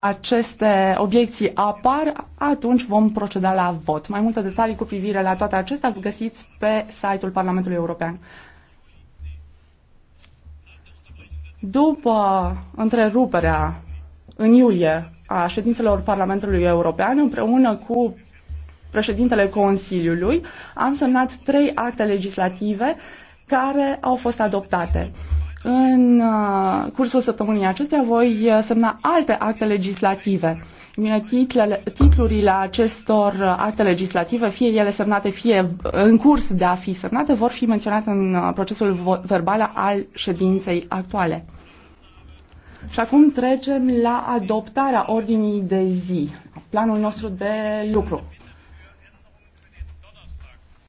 aceste obiecții apar, atunci vom proceda la vot. Mai multe detalii cu privire la toate acestea găsiți pe site-ul Parlamentului European. După întreruperea în iulie a ședințelor Parlamentului European, împreună cu președintele Consiliului, am semnat trei acte legislative care au fost adoptate. În uh, cursul săptămânii acestea voi uh, semna alte acte legislative. Bine, titlele, titlurile acestor uh, acte legislative, fie ele semnate, fie în curs de a fi semnate, vor fi menționate în procesul verbal al ședinței actuale. Și acum trecem la adoptarea ordinii de zi, planul nostru de lucru.